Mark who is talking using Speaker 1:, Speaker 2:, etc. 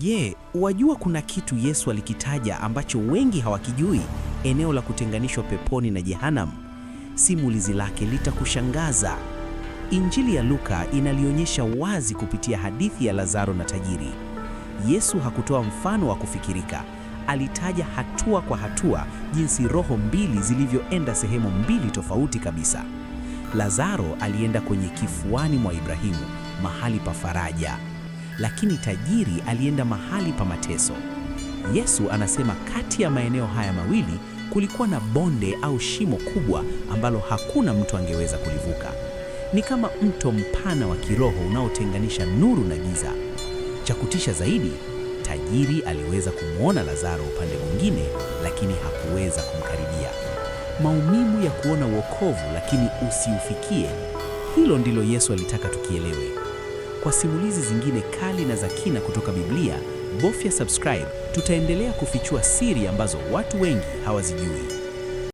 Speaker 1: Je, wajua kuna kitu Yesu alikitaja ambacho wengi hawakijui, eneo la kutenganishwa peponi na jehanamu? Simulizi lake litakushangaza. Injili ya Luka inalionyesha wazi kupitia hadithi ya Lazaro na tajiri. Yesu hakutoa mfano wa kufikirika, alitaja hatua kwa hatua jinsi roho mbili zilivyoenda sehemu mbili tofauti kabisa. Lazaro alienda kwenye kifuani mwa Ibrahimu, mahali pa faraja lakini tajiri alienda mahali pa mateso. Yesu anasema kati ya maeneo haya mawili kulikuwa na bonde au shimo kubwa ambalo hakuna mtu angeweza kulivuka. Ni kama mto mpana wa kiroho unaotenganisha nuru na giza. Cha kutisha zaidi, tajiri aliweza kumwona Lazaro upande mwingine, lakini hakuweza kumkaribia. Maumivu ya kuona wokovu lakini usiufikie, hilo ndilo Yesu alitaka tukielewe. Kwa simulizi zingine kali na za kina kutoka Biblia, bofya subscribe. Tutaendelea kufichua siri ambazo watu wengi hawazijui.